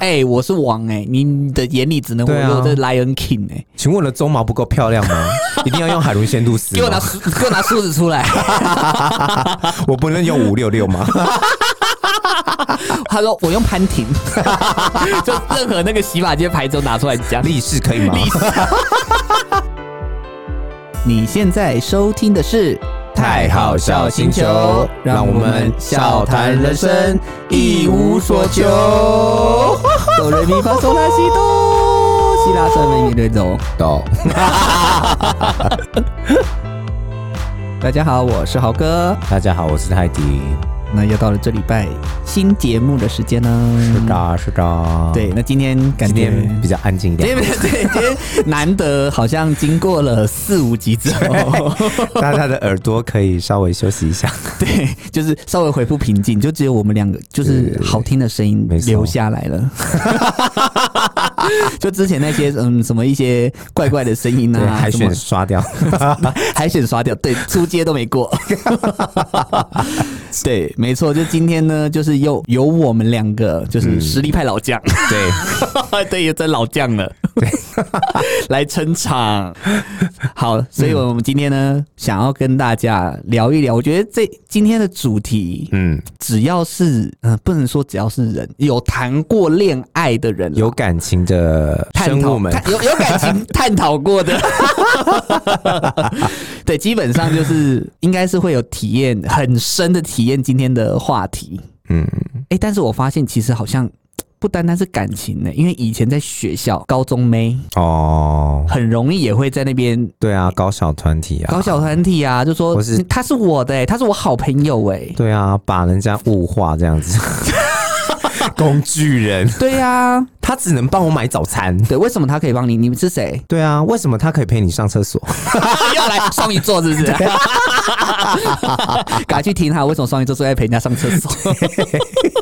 哎、欸，我是王哎、欸，你的眼裡只能我六六的 lion king 哎、欸，請問我的鬃毛不夠漂亮嗎？ 一定要用海倫仙度絲？給我拿給我拿梳子出來！ 我不能用五六六嗎？ 他說我用潘婷， 就任何那個洗髮精牌子都拿出來加力士可以嗎？ 你現在收聽的是。泰豪笑星球，讓我們笑談人生，一無所求。哆瑞咪發嗦啦西哆西啦嗦啦咪瑞哆哆。大家好，我是豪哥。大家好，我是泰迪。那又到了這禮拜新節目的時間呢？是的，是的。對，那今天感覺比較安靜一點，對對對，對 難得好像經過了四五集之後，大家的耳朵可以稍微休息一下。 對，就是稍微回復平靜，就只有我們兩個，就是好聽的聲音留下來了。 就之前那些嗯什麼一些怪怪的聲音啊，海選刷掉，海 選刷掉，對，出街都沒過。 對。沒錯，就今天呢，就是有有我們兩個，就是實力派老將、嗯，對， 對，也在老將了，對， 來撐場。好，所以我們今天呢、嗯，想要跟大家聊一聊，我覺得這今天的主題，嗯，只要是，嗯、呃，不能說只要是人有談過戀愛愛的人，有感情的生物們，有有感情探討過的， 對，基本上就是應該是會有體驗很深的體驗。今天的話題，嗯，哎、欸，但是我發現其實好像不單單是感情呢、欸，因為以前在學校，高中妹哦，很容易也會在那邊，對啊，搞小團體啊，搞小團體啊，就說他是，是我的、欸，他是我好朋友哎、欸，對啊，把人家物化這樣子。 工具人，對呀，啊，他只能幫我買早餐。對，為什麼他可以幫你？你們是誰？對啊，為什麼他可以陪你上廁所？要來雙魚座，是不是？啊，趕快去聽哈，為什麼雙魚座最愛陪人家上廁所？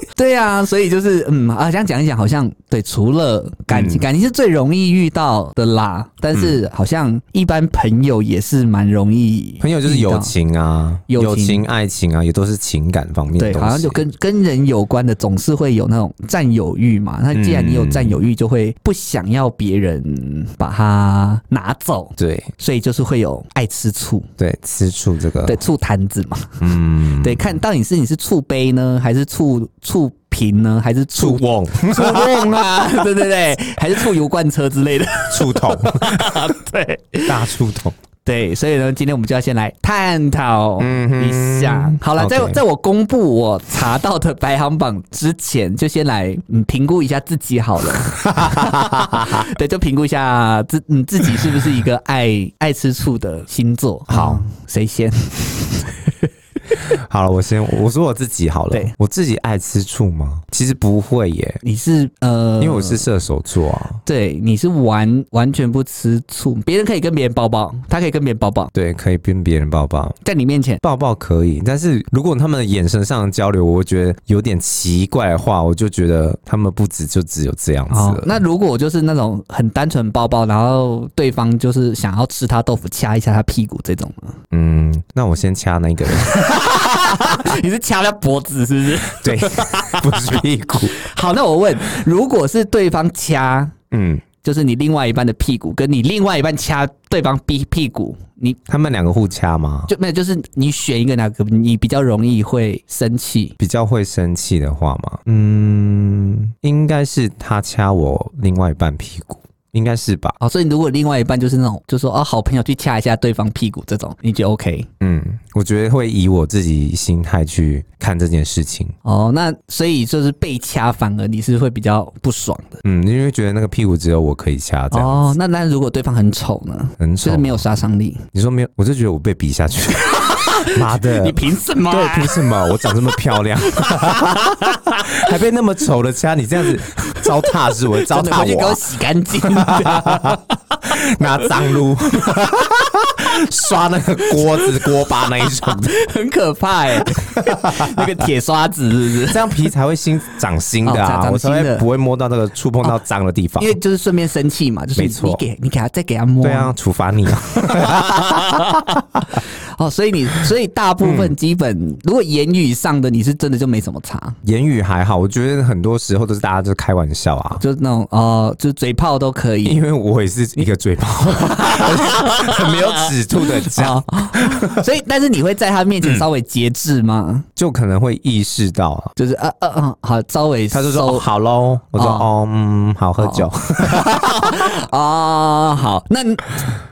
對呀、啊，所以就是嗯啊，想講一講，好像對，除了感情、嗯，感情是最容易遇到的啦。嗯、但是好像一般朋友也是蠻容易，朋友就是友情啊情，友情、愛情啊，也都是情感方面的東西。對，好像就跟跟人有關的，總是會有那種佔有欲嘛。那、嗯、既然你有佔有欲，就會不想要別人把它拿走。對，所以就是會有愛吃醋。對，吃醋這個，對醋壇子嘛。嗯， 對，看到底你是你是醋杯呢，還是醋醋。平呢？還是醋甕？醋甕啊！ 對對對，還是醋油罐車之類的醋桶。頭 對，大醋桶。對，所以呢，今天我們就要先來探討一下。嗯、好了、okay，在在我公布我查到的排行榜之前，就先來你評、嗯、估一下自己好了。 對，就評估一下自你、嗯、自己是不是一個愛愛吃醋的星座？好，誰、嗯、先？ 好了，我先我說我自己好了。我自己愛吃醋嗎？其實不會耶。你是呃，因為我是射手座啊。對，你是完完全不吃醋，別人可以跟別人抱抱，他可以跟別人抱抱。對，可以跟別人抱抱，在你面前抱抱可以，但是如果他們的眼神上的交流，我覺得有點奇怪的話，我就覺得他們不止就只有這樣子。那如果我就是那種很單純抱抱，然後對方就是想要吃他豆腐，掐一下他屁股這種呢？嗯，那我先掐那個人。 你是掐他脖子，是不是？對，不是屁股。 好，那我問，如果是對方掐，嗯，就是你另外一半的屁股，跟你另外一半掐對方屁屁股，你他們兩個互掐嗎？就沒有，就是你選一個哪個，你比較容易會生氣，比較會生氣的話嗎？嗯，應該是他掐我另外一半屁股。應該是吧，好、哦，所以如果另外一半就是那種，就說啊、哦，好朋友去掐一下對方屁股這種，你覺得 OK？嗯，我覺得會以我自己心態去看這件事情。哦，那所以就是被掐，反而你是會比較不爽的。嗯，因為覺得那個屁股只有我可以掐這樣子。哦，那那如果對方很醜呢？很醜，就是，沒有殺傷力。你說沒有，我就覺得我被比下去。 媽的！你憑什麼啊？對，憑什麼我長這麼漂亮， 還被那麼醜的掐？你這樣子糟蹋是我糟蹋我，我就給我洗乾淨， 拿髒髒擼露。 刷那個鍋子鍋巴那一種， 很可怕哎、欸，那個鐵刷子是不是 這樣皮才會新長新的啊，所以不會摸到那個觸碰到髒的地方、啊。因為就是順便生氣嘛，就是你給沒錯你給他再給,給他摸，對啊，處罰你。 哦，所以你所以大部分基本、嗯、如果言語上的你是真的就沒什麼差，言語還好，我覺得很多時候都是大家就是開玩笑啊，就是那種哦、呃，就嘴炮都可以，因為我也是一個嘴炮， 沒有止。吐的糟、哦，所以但是你會在他面前稍微節制嗎、嗯？就可能會意識到，就是啊啊啊，好，稍微他就說、哦、好嘍，我說哦，嗯、好喝酒哦， 哦，好，那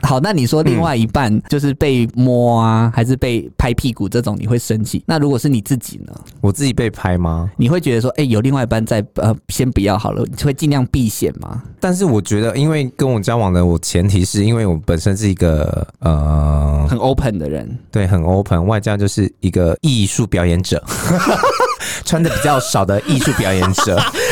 好，那你說另外一半就是被摸啊，還是被拍屁股這種，你會生氣、嗯？那如果是你自己呢？我自己被拍嗎？你會覺得說，哎、欸，有另外一半在，呃，先不要好了，你會盡量避嫌嗎？但是我覺得，因為跟我交往的我前提是因為我本身是一個呃。嗯，很 open 的人，對，很 open，外加就是一個藝術表演者， 穿的比較少的藝術表演者。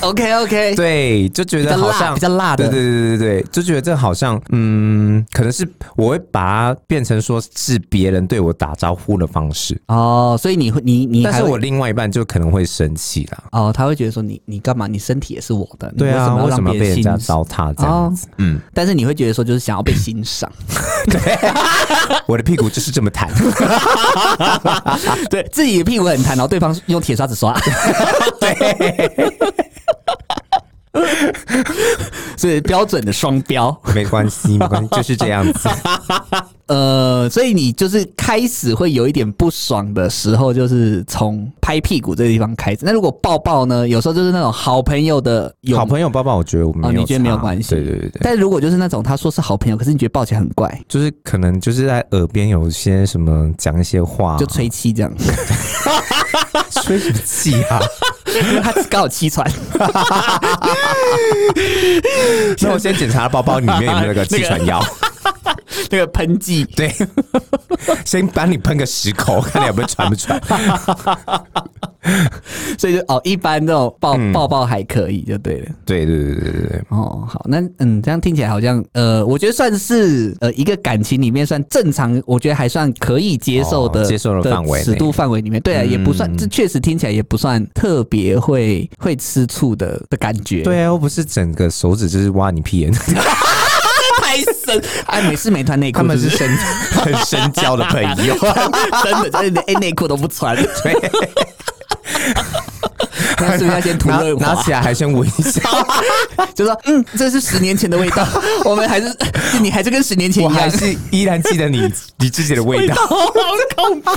OK OK，對，就覺得好像比較辣，較辣的，對對對對就覺得這好像，嗯，可能是我會把它變成說是別人對我打招呼的方式哦，所以你，你，你還會你你，但是我另外一半就可能會生氣啦，哦，他會覺得說你你幹嘛，你身體也是我的，對啊，為什，為什麼要被人家糟蹋這樣子哦？嗯，但是你會覺得說就是想要被欣賞，嗯、 對 我的屁股就是這麼彈， 對， 對自己的屁股很彈，然後對方用鐵刷子刷， 對。 所 以，標準的雙標，沒關係，沒關係，就是這樣子。 呃，所以你就是開始會有一點不爽的時候，就是從拍屁股這個地方開始。那如果抱抱呢？有時候就是那種好朋友的有好朋友抱抱，我覺得我們啊、哦，你覺得沒有關係？對對對對。但如果就是那種他說是好朋友，可是你覺得抱起來很怪，就是可能就是在耳邊有些什麼講一些話、啊，就吹氣這樣子。 吹什麼氣啊？因 為他只剛好氣喘，哈。那我先檢查包包裡面有沒有那個氣喘藥。那個噴劑，對，先幫你噴個十口， 看你有沒有喘不喘。 所以就哦，一般這種抱、嗯、抱抱還可以，就對了。對對對對對哦，好，那嗯，這樣聽起來好像呃，我覺得算是呃一個感情裡面算正常，我覺得還算可以接受的、哦、接受的範圍尺度範圍裡面，對啊，也不算，嗯、這確實聽起來也不算特別會會吃醋的的感覺。對啊，又不是整個手指就是挖你屁眼。 太深哎！每次沒穿內褲，他們是深 很深交的朋友， 真的，真的，連內褲都不穿。對 但是是不是要先塗了拿，拿起來還先聞一下， 就說：“嗯，這是十年前的味道。 我們還是你還是跟十年前一樣，我還是依然記得你你自己的味道，味道好恐怖，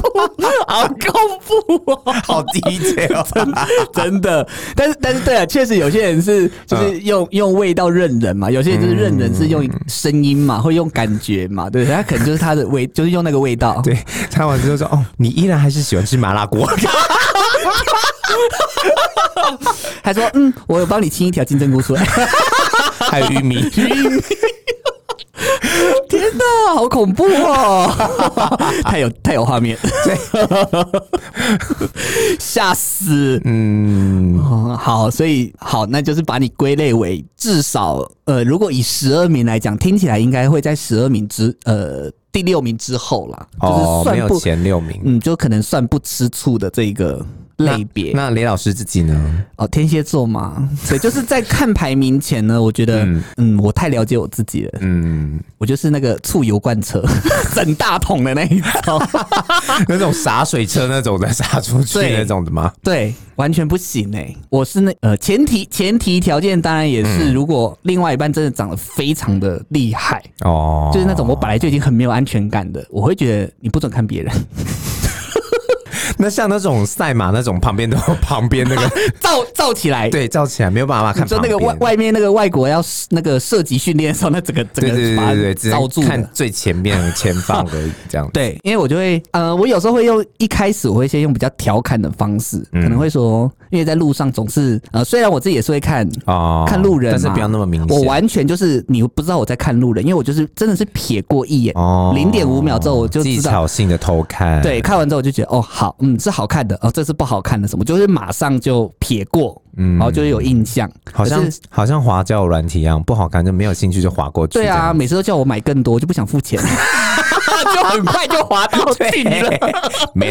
好恐怖哦，好低調哦， 真的。但是但是對啊，確實有些人是就是用、嗯、用味道認人嘛，有些人就是認人是用聲音嘛，或用感覺嘛，對不對？他可能就是他的味，就是用那個味道。對，擦完之後說：哦，你依然還是喜歡吃麻辣鍋。 ”他 說：“嗯，我有幫你清一條金針菇出來，還 有玉米，玉米。天哪，好恐怖哦！ 太有太有畫面，對，嚇 死！嗯，好，所以好，那就是把你歸類為至少呃，如果以十二名來講，聽起來應該會在十二名之呃第六名之後啦，就是算不、哦、沒有前六名。嗯，就可能算不吃醋的這個。”類別。那雷老師自己呢？哦，天蠍座嘛，所以就是在看排名前呢，我覺得嗯，嗯，我太了解我自己了，嗯，我就是那個醋油罐車，很大桶的那一種， 那種灑水車那種在灑出去那種的嗎？對，對完全不行呢、欸。我是那呃，前提前提條件當然也是，如果另外一半真的長得非常的厲害哦、嗯，就是那種我本來就已經很沒有安全感的，我會覺得你不准看別人。那像那種賽馬那種旁邊的，旁邊都旁邊那個罩罩 起來，對，罩起來沒有辦法看。就那個外外面那個外國要那個射擊訓練的時候，那整個整個對，對，對，對，對，罩住看最前面前方的這樣子。 對，因為我就會呃，我有時候會用一開始我會先用比較調侃的方式、嗯，可能會說，因為在路上總是呃，雖然我自己也是會看哦。看路人，但是不要那麼明顯。我完全就是你不知道我在看路人，因為我就是真的是瞥過一眼，零點五秒之後我就技巧性的偷看，對，看完之後我就覺得哦好。嗯，是好看的哦，這是不好看的什麼，就是馬上就撇過，嗯，然後就有印象，好像好像滑交友軟體一樣，不好看就沒有興趣，就滑過去。對啊，每次都叫我買更多，就不想付錢， 就很快就滑過去。沒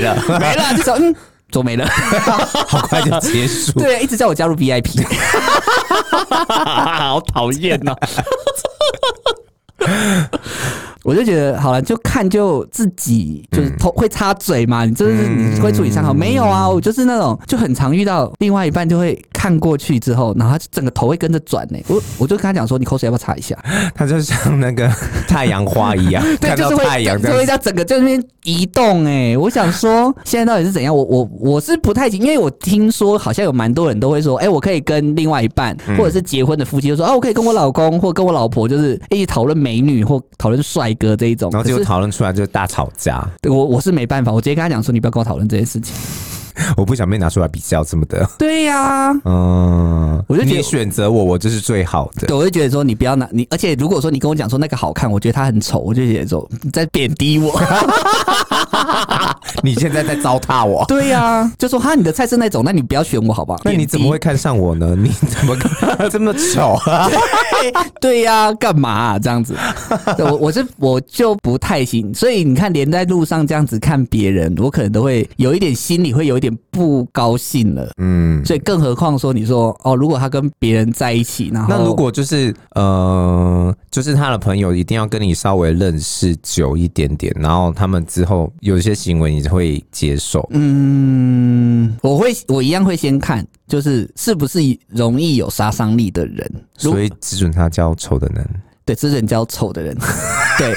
了， 沒了，就走，嗯，走沒了，好快就結束，對，一直叫我加入 VIP， 好討厭吶。 我就覺得好了，就看就自己就是頭、嗯、會擦嘴嘛，你就是你會處理傷口、嗯，沒有啊？我就是那種就很常遇到另外一半就會看過去之後，然後整個頭會跟着轉呢。我我就跟他講說，你口水要不要擦一下？他就像那個太陽花一樣， 太陽，對，就是會就就會在整個在那邊移動哎。我想說現在到底是怎樣？我我我是不太清，因為我聽說好像有蠻多人都會說，哎、欸，我可以跟另外一半或者是結婚的夫妻就說，哦、啊，我可以跟我老公或跟我老婆就是一起討論美女或討論帥。哥這一種，然後就討論出來就是大吵架。對，我我是沒辦法，我直接跟他講說你不要跟我討論這件事情。 我不想被拿出來比較這麼的。對呀、啊，嗯，我就覺得你選擇我我就是最好的。對，我就覺得說你不要拿你，而且如果說你跟我講說那個好看，我覺得他很醜，我就覺得說你在貶低我。 你現在在糟蹋我？對呀啊，就說哈，你的菜是那種，那你不要選我，好不好？那你怎麼會看上我呢？ 你怎麼這麼醜啊？ 對呀啊，幹嘛啊這樣子？我我是我就不太行，所以你看，連在路上這樣子看別人，我可能都會有一點心裡會有一點不高興了。嗯，所以更何況說，你說哦，如果他跟別人在一起，然後那如果就是呃，就是他的朋友一定要跟你稍微認識久一點點，然後他們之後有一些行為。會接受，嗯，我會我一樣會先看，就是是不是容易有殺傷力的人，所以只准他交醜的人。對，只准交醜的人， 對，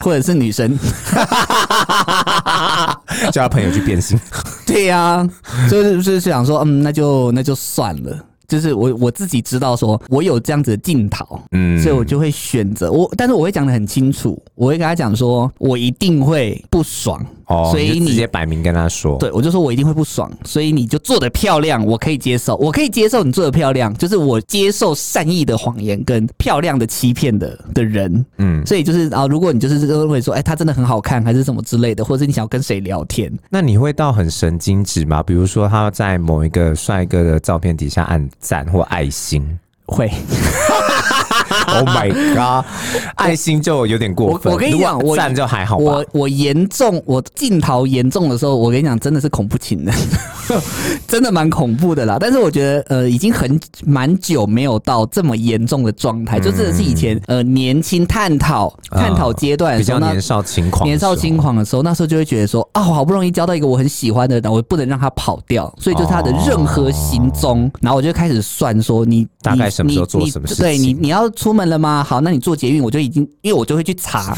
或者是女生， 叫他朋友去變形，對呀、啊，就是、就是想說，嗯，那就那就算了，就是我我自己知道說，我有這樣子的鏡頭，嗯，所以我就會選擇我，但是我會講得很清楚，我會跟他講說，我一定會不爽。Oh, 所以你，你直接擺明跟他說，對我就說我一定會不爽。所以你就做得漂亮，我可以接受，我可以接受你做得漂亮，就是我接受善意的謊言跟漂亮的欺騙的的人。嗯，所以就是啊、哦，如果你就是認為說，哎、欸，他真的很好看，還是什麼之類的，或者你想要跟誰聊天，那你會到很神經質嗎？比如說他在某一個帥哥的照片底下按讚或愛心，會。 Oh my god！愛心就有點過分。啊、我，我跟你講，讚就還好。我我嚴重，我鏡頭嚴重的時候，我跟你講，真的是恐怖情人。 真的蠻恐怖的啦。但是我覺得，呃，已經很蠻久沒有到這麼嚴重的狀態，就真的是以前呃年輕探討探討階段的時候、嗯，比較年少輕狂，年少輕狂的時候，那時候就會覺得說，啊，我好不容易交到一個我很喜歡的人，我不能讓他跑掉，所以就是他的任何行蹤、哦，然後我就開始算說，你，你大概什麼時候做什麼事情，你對你你要出門，問了嗎？好， 那你做捷運，我就已經因為我就會去查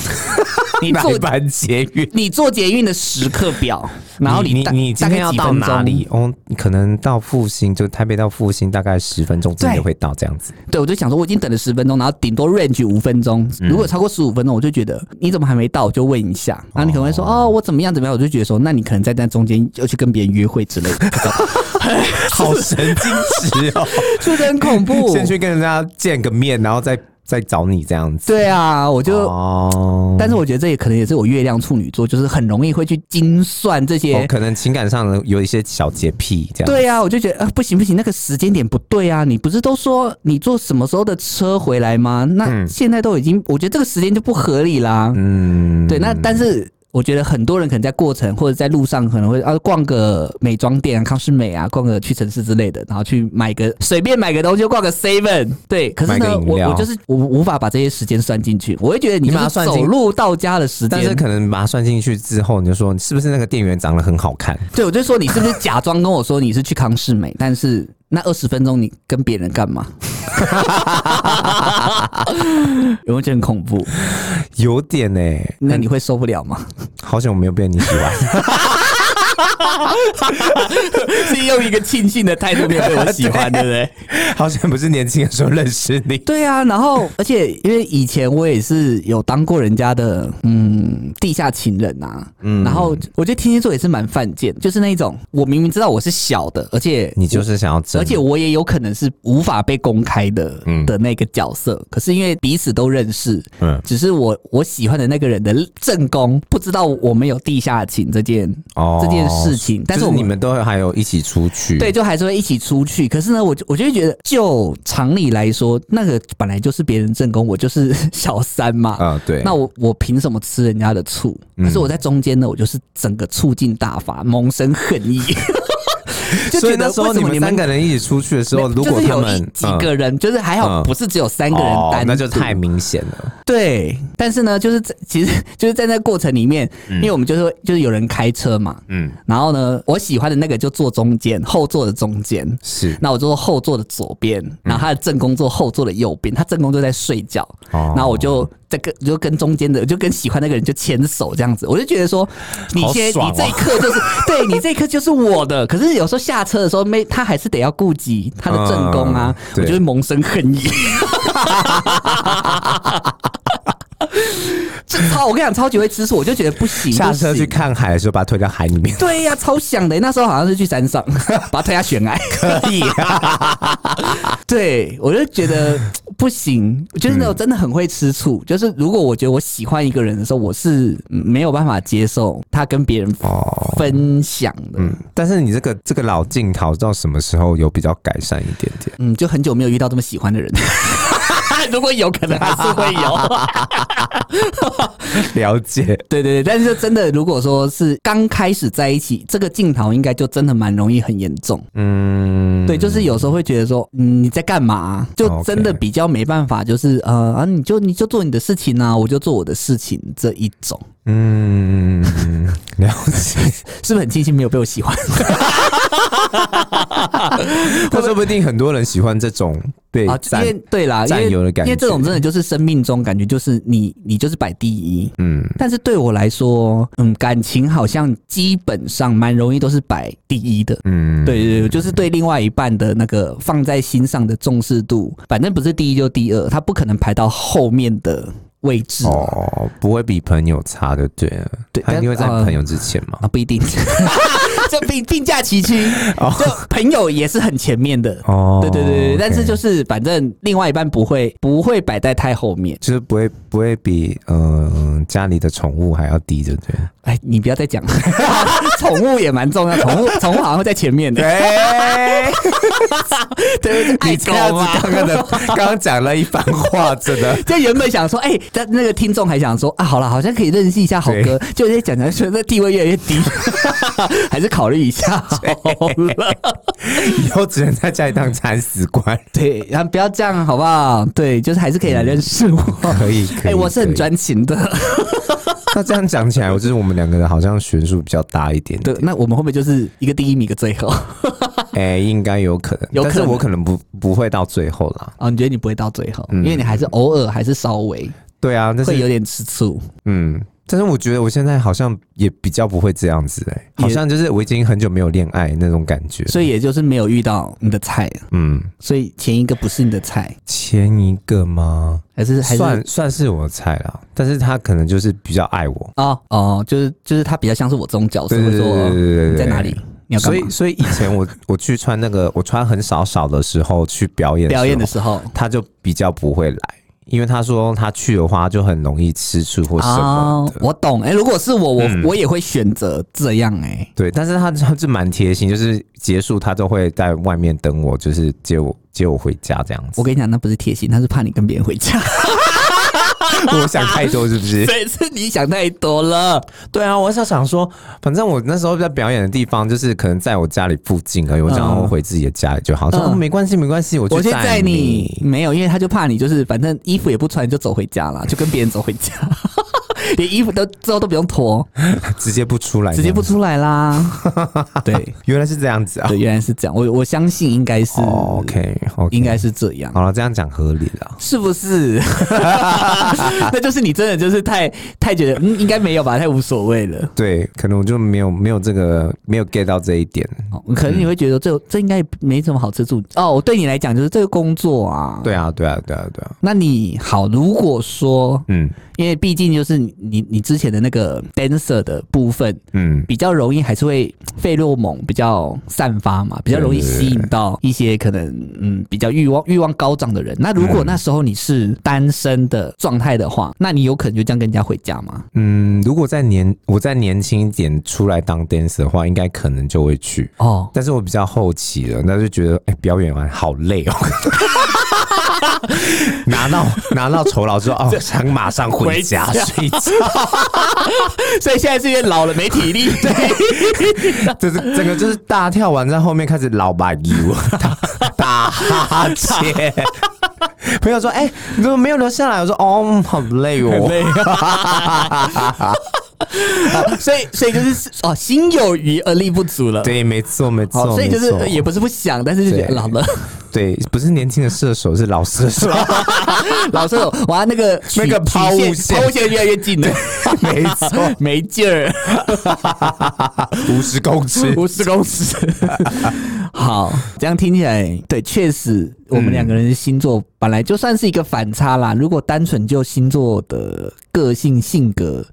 你做完捷運，你做捷運的時刻表，然後你大 你大概要到哪裡？哦，你可能到復興，就台北到復興大概十分鐘，真的會到這樣子。對，對我就想說，我已經等了十分鐘，然後頂多 range 五分鐘，如果超過十五分鐘，我就覺得你怎麼還沒到，我就問一下。然後你可能會說哦，哦，我怎麼樣怎麼樣，我就覺得說，那你可能站在那中間要去跟別人約會之類的、 哎，好神經質哦，真 的很恐怖。 先去跟人家見個面，然後再。在找你這樣子，對啊，我就、哦，但是我覺得這也可能也是我月亮處女座，就是很容易會去精算這些，哦、可能情感上有一些小潔癖這樣。對啊，我就覺得啊、呃，不行不行，那個時間點不對啊，你不是都說你坐什麼時候的車回來嗎？那現在都已經，嗯、我覺得這個時間就不合理啦。嗯，對，那但是。我覺得很多人可能在過程或者在路上可能會啊逛個美妝店啊、康是美啊、逛個屈臣氏之類的，然後去買個隨便買個東西就逛個 seven。對，可是呢我、我就是我無法把這些時間算進去，我會覺得你把它算，走路到家的時間，但是可能把它算進去之後，你就說你是不是那個店員長得很好看？對，我就說你是不是假裝跟我說你是去康是美， 但是。那二十分鐘你跟別人幹嘛？ 有點恐、欸、怖，有點欸。那你會受不了嗎？好久沒有被你喜歡。哈哈哈，是用一個慶幸的態度面對我喜歡，對不對，對？好像不是年輕的時候認識你。對啊，然後而且因為以前我也是有當過人家的，嗯，地下情人吶、啊。嗯，然後我覺得天蠍座也是蠻犯賤，就是那種我明明知道我是小的，而且你就是想要，而且我也有可能是無法被公開的，嗯，的那個角色。可是因為彼此都認識，嗯，只是我我喜歡的那個人的正宮不知道我沒有地下情這件，哦，這件事。事情，但是，、就是你們都還有一起出去，對，就還是會一起出去。可是呢，我我就覺得，就常理來說，那個本來就是別人正宮，我就是小三嘛，啊、哦，對。那我我憑什麼吃人家的醋？可是我在中間呢，我就是整個醋勁大發，萌生恨意。嗯 就覺得，所以那時候你們三個人一起出去的時候，如果他們、就是、幾個人、嗯，就是還好不是只有三個人單，嗯哦、那就太明顯了。對，但是呢，就是其實就是站在那過程裡面、嗯，因為我們就是就是有人開車嘛，嗯，然後呢，我喜歡的那個就坐中間後座的中間，是，那我就坐後座的左邊，然後他的正宮坐後座的右邊，他正宮就在睡覺，哦，然後我就在跟就跟中間的就跟喜歡那個人就牽着手這樣子，我就覺得說你先、啊、你這一刻就是對你這一刻就是我的，可是有時候。下車的時候沒，他還是得要顧及他的正宮啊，啊，我就是萌生恨意。 這超，我跟你講，超級會吃醋，我就覺得不行。下車去看海的時候，把他推到海裡面。 對呀、啊，超想的、欸。那時候好像是去山上，把他推下懸崖， 可以、啊。 對，我就覺得不行。就是那種真的很會吃醋、嗯。就是如果我覺得我喜歡一個人的時候，我是沒有辦法接受他跟別人分享的、哦嗯。但是你這個這個老鏡頭，到什麼時候有比較改善一點點？嗯，就很久沒有遇到這麼喜歡的人。 如果有可能，還是會有。 了解， 對對對，但是真的，如果說是剛開始在一起，這個鏡頭應該就真的蠻容易很嚴重。嗯，對，就是有時候會覺得說、嗯、你在幹嘛？就真的比較沒辦法，哦 okay、就是啊、呃，你就你就做你的事情啊，我就做我的事情這一種。嗯，了解， 是不是很慶幸沒有被我喜歡？哈哈哈！哈哈哈哈哈！或說不定很多人喜歡這種對佔、啊、對啦，佔有的感覺，因為這種真的就是生命中感覺就是你你就是擺第一，嗯，但是對我來說，嗯，感情好像基本上蠻容易都是擺第一的，嗯，對對對，就是對另外一半的那個放在心上的重視度，反正不是第一就第二，他不可能排到後面的。位置哦，oh, 不會比朋友差的，對啊，對，他一定會在朋友之前嗎？啊、uh, uh，不一定。 就並並駕齊驅，哦，朋友也是很前面的。哦，對對對對，okay. 但是就是反正另外一半不會不會擺在太後面，就是不會不會比嗯家裡的寵物還要低，對不對？哎，你不要再講了，寵 物也蠻重要，寵物寵物好像會在前面的、欸。哎 你這樣子剛剛的剛剛講了一番話，真的，就原本想說，哎，但那，那個聽眾還想說，啊，好了，好像可以認識一下豪哥，就有點講成說那地位越來越低，哈。只考慮一下好了，以後只能在家裡當鏟屎官。 對，然後不要這樣，好不好？對，就是還是可以來認識我。嗯、可以，哎、欸，我是很專情的。 那這樣講起來，我覺得我們兩個人好像懸殊比較大一點，點。對，那我們會不會就是一個第一名，一個最後？哎、 欸，應該有，有可能，但是我可能不不會到最後了。啊、哦，你覺得你不會到最後，嗯、因為你還是偶爾還是稍微對啊，那會有點吃醋。嗯。但是我覺得我現在好像也比較不會這樣子誒、欸，好像就是我已經很久沒有戀愛那種感覺，所以也就是沒有遇到你的菜，嗯，所以前一個不是你的菜，前一個嗎？還是算還是算算是我的菜啦，但是他可能就是比較愛我哦哦，就是就是他比較像是我這種角色，對對對，對，對，對，對，你在哪裡？你要所以所以以前我我去穿那個我穿很少少的時候去表演表演的時候、嗯，他就比較不會來。因為他說他去的話就很容易吃醋或什麼、哦、我懂哎、欸。如果是我，我、嗯、我也會選擇這樣哎、欸。對，但是他他是蠻貼心，就是結束他都會在外面等我，就是接我接我回家這樣子。我跟你講，那不是貼心，他是怕你跟別人回家。 我想太多是不是？對，是，你想太多了。 對啊，我是想說，反正我那時候在表演的地方，就是可能在我家裡附近而，而、嗯、我想要回自己的家裡就好。嗯、說沒關係，沒關係，我就在你沒有，因為他就怕你，就是反正衣服也不穿，就走回家了，就跟別人走回家。 連衣服都之後都不用脫，直接不出來，直接不出來啦。對，原來是這樣子啊，對原來是這樣。我我相信應該是、oh, okay,，OK，應該是這樣。好了，這樣講合理了，是不是？ 那就是你真的就是太太覺得，嗯，應該沒有吧，太無所謂了。對，可能我就沒有沒有這個沒有 get 到這一點。哦、可能你會覺得這、嗯、這應該沒什麼好吃醋哦。我對你來講就是這個工作啊。對啊，對啊，對啊，對啊。那你好，如果說，嗯，因為畢竟就是。你你之前的那個 dancer 的部分，嗯，比較容易還是會費洛蒙比較散發嘛，比較容易吸引到一些可能嗯比較慾望慾望高漲的人。那如果那時候你是單身的狀態的話，嗯，那你有可能就這樣跟人家回家嗎？嗯，如果再年我再年輕一點出來當 dancer 的話，應該可能就會去哦。但是我比較後期了，那就覺得哎，欸、表演完好累哦。 拿到拿到酬勞之後，哦，想馬上回家睡覺。 所以現在是因為老了，沒體力，對，這、 就是整個就是大跳完在後面開始老吧？油打打哈欠。朋友說：“哎、欸，你怎麼沒有留下來？”我說：“哦，好累哦。累” 所以，所以就是哦，心有餘而力不足了。對，沒錯，沒錯、哦。所以就是也不是不想，但是就覺得老了。對，不是年輕的射手，是老射手。 老射手，哇，那個那個拋物線，拋物線越來越近了，沒錯， 沒勁兒，五十公尺，五十公尺。 好，這樣聽起來，對，確實。我們兩個人的星座、嗯、本來就算是一個反差啦。如果單純就星座的個性、性格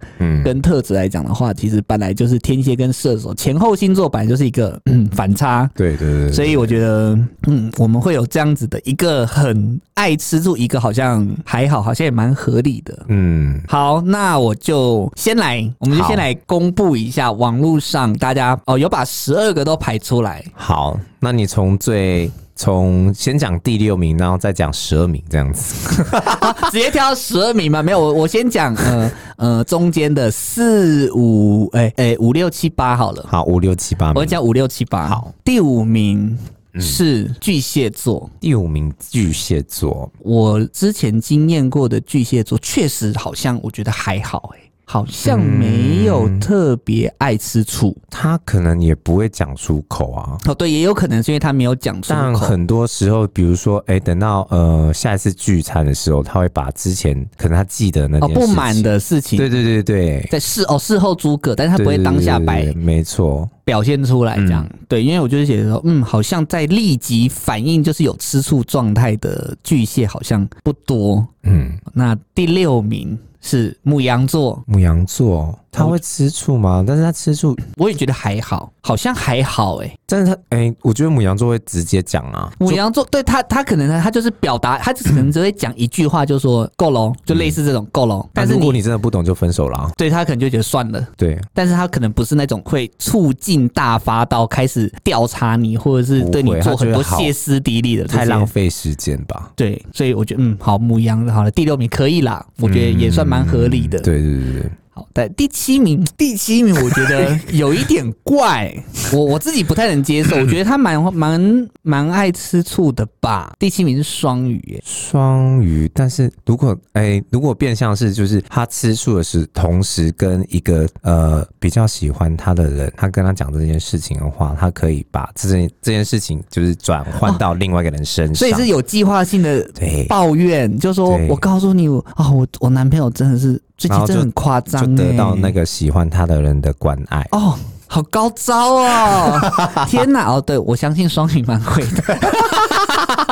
跟特質來講的話、嗯，其實本來就是天蠍跟射手前後星座本來就是一個、嗯、反差。對對對，對。所以我覺得，嗯，我們會有這樣子的一個很愛吃醋一個，好像還好，好像也蠻合理的。嗯。好，那我就先來，我們就先來公布一下網路上大家哦，有把十二個都排出來。好。那你從最從先講第六名，然後再講十二名這樣子， 直接挑十二名嗎？沒有，我我先講，呃呃，中間的四五、欸，哎、欸、哎，五六七八好了。好，五六七八，我講五六七八。好，第五名是巨蟹座、嗯。第五名巨蟹座，我之前經驗過的巨蟹座，確實好像我覺得還好哎、欸。好像沒有特別愛吃醋、嗯，他可能也不會講出口啊。哦，對，也有可能是因為他沒有講出口。但很多時候，比如說，哎、欸，等到呃下一次聚餐的時候，他會把之前可能他記得的那件事情、哦、不滿的事情，對對對對，對，在事哦事後諸葛，但是他不會當下擺，沒錯。表現出來這樣、嗯、對，因為我就是寫的時候嗯，好像在立即反應，就是有吃醋狀態的巨蟹好像不多。嗯，那第六名是牡羊座，牡羊座他會吃醋嗎？嗯，但是他吃醋，我也覺得還好，好像還好誒、欸。但是他，哎、欸，我覺得牡羊座會直接講啊。牡羊座對他，他可能他就是表達，他可能只會講一句話就，就說夠了，就類似這種夠了。但是、嗯、如果你真的不懂，就分手啦。對，他可能就覺得算了。對，但是他可能不是那種會醋勁大發到開始調查你，或者是對你做很多歇斯底里的、就是，太浪費時間吧。對，所以我覺得嗯，好牡羊好了，第六名可以啦，我覺得也算蠻合理的、嗯。對對對對。對第七名，第七名，我覺得有一點怪， 我我自己不太能接受。我覺得他蠻蠻蠻愛吃醋的吧。第七名是雙魚欸，雙魚。但是如果哎、欸，如果變相是，就是他吃醋的是同時跟一個呃比較喜歡他的人，他跟他講這件事情的話，他可以把這件這件事情就是轉換到另外一個人身上，哦，所以是有計劃性的抱怨，就是說我告訴你，啊、哦，我我男朋友真的是。最近真的欸、然後就很誇張，得到那個喜歡他的人的關愛。哦，好高招哦！ 天哪！哦，對，我相信雙魚蠻會的。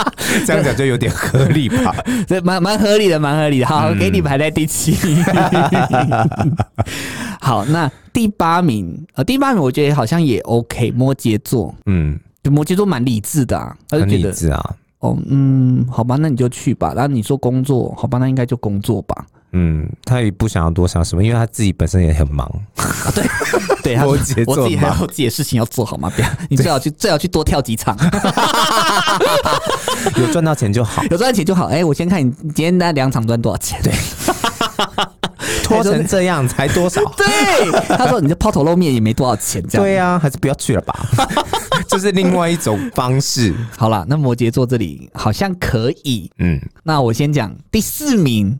這樣講就有點合理吧？對，蠻蠻合理的，蠻合理的。好、嗯，給你排在第七名。 好，那第八名、哦、第八名我覺得好像也 OK。摩羯座，嗯，摩羯座蠻理智的、啊，很理智啊。他就覺得，哦，嗯，好吧，那你就去吧。那你說工作，好吧，那應該就工作吧。嗯，他也不想要多想什麼，因為他自己本身也很忙。對、啊，對，摩羯座自己還有自己的事情要做好嘛，不要，你最好去，最好去多跳幾場， 有賺到錢就好，有賺到錢就好。哎、欸，我先看你今天那兩場賺多少錢？對， 拖成這樣才多少？ 對，他說你這拋頭露面也沒多少錢，這樣對呀、啊，還是不要去了吧。 就是另外一種方式。 好了，那摩羯座這裡好像可以。嗯，那我先講第四名。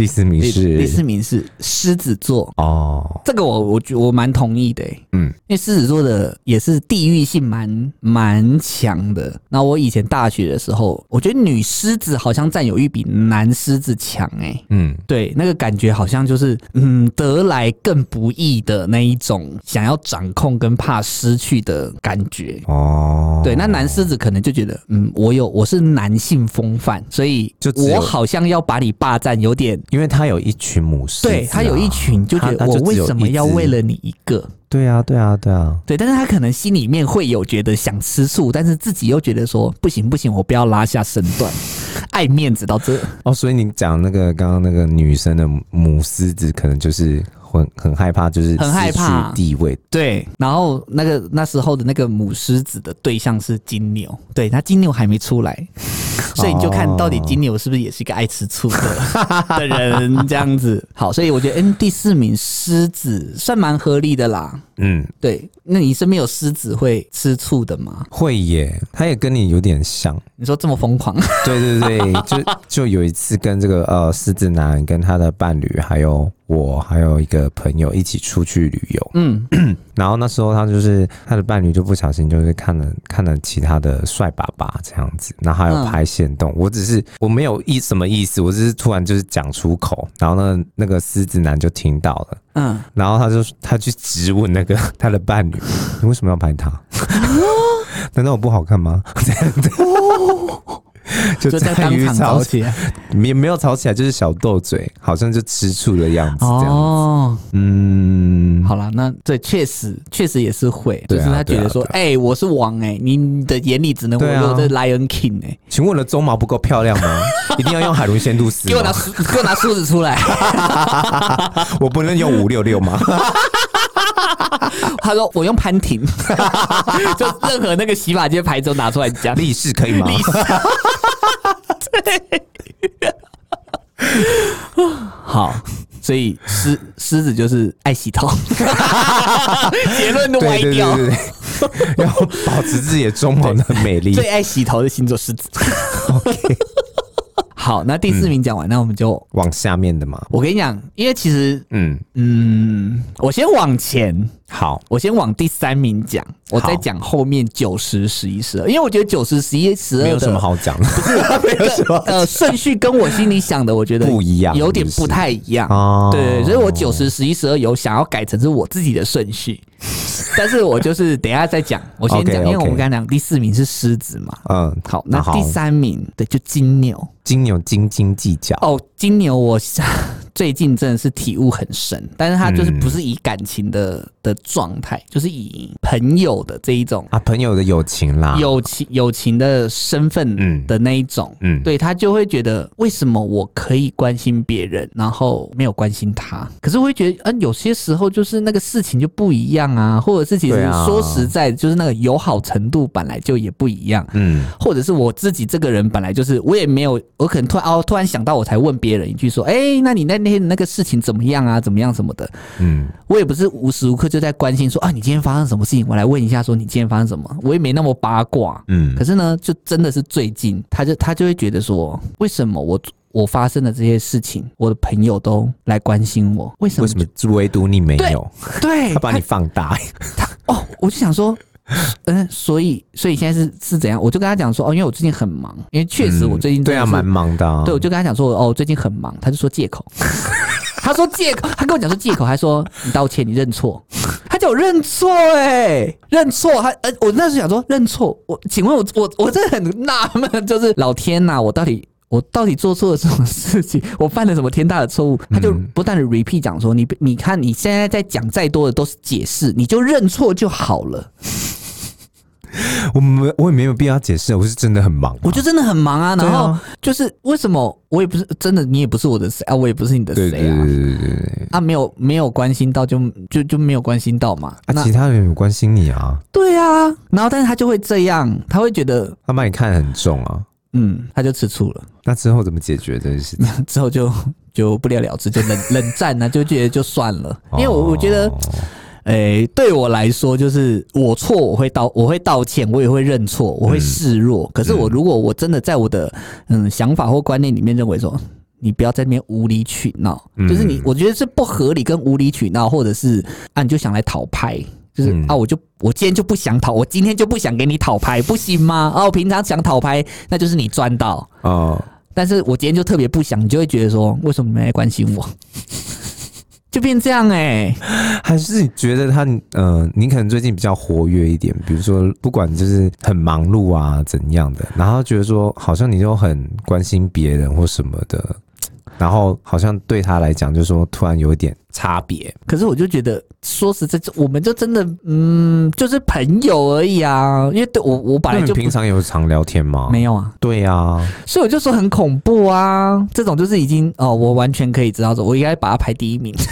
第四名是，第四名是獅子座哦，這個我我覺我蠻同意的、欸，嗯，因為獅子座的也是地域性蠻蠻強的。那我以前大學的時候，我覺得女獅子好像占有欲比男獅子強哎、欸，嗯，對，那個感覺好像就是嗯得來更不易的那一種想要掌控跟怕失去的感覺哦，對，那男獅子可能就覺得嗯我有我是男性風範，所以就我好像要把你霸占，有點。因為他有一群母獅、啊，對，他有一群，就覺得我為什麼要為了你一個一對。啊？對啊，對啊，對啊，對。但是他可能心裡面會有覺得想吃醋，但是自己又覺得說不行不行，我不要拉下身段， 愛面子到這哦。所以你講那個剛剛那個女生的母獅子，可能就是。很很害怕，就是失去地位，對。然後那個那時候的那個母獅子的對象是金牛，對，他金牛還沒出來，所以你就看到底金牛是不是也是一個愛吃醋的的人這樣子？ 好，所以我覺得，嗯，第四名獅子算蠻合理的啦。嗯，對，那你身邊有獅子會吃醋的嗎？會耶，他也跟你有點像。你說這麼瘋狂？對對對，就就有一次跟這個呃獅子男跟他的伴侶，還有我，還有一個朋友一起出去旅遊。嗯，然後那時候他就是他的伴侶就不小心就是看了看了其他的帥爸爸這樣子，然後還有拍線動、嗯。我只是我沒有意什麼意思，我只是突然就是講出口，然後呢那個、那個獅子男就聽到了。嗯，然後他就他去質問那個他的伴侶：“你為什麼要拍他？啊、難道我不好看嗎？”這樣子。 就在相當於吵起來，沒沒有吵起來，就是小鬥嘴，好像就吃醋的樣子，這樣子。哦，嗯，好啦，那對，確實，確實也是會對、啊，就是他覺得說，哎、啊啊啊欸，我是王哎、欸，你的眼裡只能我、啊、這 Lion King 哎、欸。請問了，鬃毛不夠漂亮嗎？ 一定要用海倫仙度絲？給我拿給我拿梳子出來。 我不能用五六六嗎？ 他說我用潘婷， 就任何那個洗髮精牌子都拿出來講，麗仕可以嗎？ 好，所以獅獅子就是愛洗頭， 結論都歪掉，對對對對， 要保持自己的鬃毛的美麗。最愛洗頭的星座獅子、 Okay，好，那第四名講完、嗯，那我們就往下面的嘛。我跟你講，因為其實，嗯嗯，我先往前。好，我先往第三名講，我再講後面九十、十一、十二，因為我覺得九十、十一、十二沒有什麼好講的。沒有什麼呃，順 序跟我心裡想的我覺得不一樣，有點不太一樣啊、就是。對，對，對，哦，所以我九十、十一、十二有想要改成是我自己的順序，哦，但是我就是等一下再講， 我先講、okay, okay，因為我們剛剛講第四名是獅子嘛。嗯，好，那好第三名對就金牛，金牛斤斤計較哦，金牛我。最近真的是體悟很深，但是他就是不是以感情的、嗯、的狀態，就是以朋友的這一種啊，朋友的友情啦，友情友情的身份的那一種，嗯嗯、對，他就會覺得為什麼我可以關心別人，然後沒有關心他？可是我會覺得，嗯、啊，有些時候就是那個事情就不一樣啊，或者是其實說實在，就是那個友好程度本來就也不一樣，嗯，或者是我自己這個人本來就是我也沒有，我可能突然哦、啊，突然想到我才問別人一句說，哎、欸，那你那那。那，那個事情怎麼樣啊？怎麼樣什麼的？嗯，我也不是無時無刻就在關心說啊，你今天發生什麼事情？我來問一下，說你今天發生什麼？我也沒那麼八卦，嗯。可是呢，就真的是最近，他就他就會覺得說，為什麼我我發生的這些事情，我的朋友都來關心我？為什麼？為什麼？唯獨你沒有。對，對，他把你放大。他，他哦，我就想說。嗯，所以，所以現在是是怎樣？我就跟他講說，哦，因為我最近很忙，因為確實我最近，嗯，對啊蠻忙的，啊。對，我就跟他講說，哦，我最近很忙。他就說借口， 他說借口，他跟我講說借口，還 說你道歉，你認錯，他叫我認錯哎，欸，認錯。他呃，我那時候想說認錯。我，請問我我我真的很納悶，就是老天吶，啊，我到底我到底做錯了什麼事情？我犯了什麼天大的錯誤？他就不斷的 repeat 講說，你你看你現在在講再多的都是解釋，你就認錯就好了。我沒，我也沒有必要解釋。我是真的很忙，我就真的很忙啊。然後就是為什麼我也不是真的，你也不是我的誰啊，我也不是你的誰啊。對對對對，對，對啊，沒有沒有關心到就，就就就沒有關心到嘛。啊，那其他人有關心你啊？對啊。然後，但是他就會這樣，他會覺得他把你看得很重啊。嗯，他就吃醋了。那之後怎麼解決這件事情？之後就就不了了之，就冷 冷戰啊，就覺得就算了。因為我我覺得。哦誒、欸，對我來說，就是我錯，我會道，我會道歉，我也會認錯，我會示弱，嗯。可是我如果我真的在我的嗯想法或觀念裡面認為說，你不要在那邊無理取鬧，嗯，就是你，我覺得是不合理跟無理取鬧，或者是啊，你就想來討拍，就是、嗯、啊，我就我今天就不想討，我今天就不想給你討拍，不行嗎？啊，我平常想討拍，那就是你賺到啊，哦。但是我今天就特別不想，你就會覺得說，為什麼沒來關心我？ 就變這樣哎、欸，還是覺得他？嗯、呃，你可能最近比較活躍一點，比如說不管就是很忙碌啊怎樣的，然後覺得說好像你就很關心別人或什麼的。然後好像對他來講，就是說突然有一點差別。可是我就覺得，說實在，我們就真的，嗯，就是朋友而已啊。因為對我，我本來就平常有常聊天嗎？沒有啊。對啊。所以我就說很恐怖啊。這種就是已經哦，我完全可以知道，說我應該把他排第一名。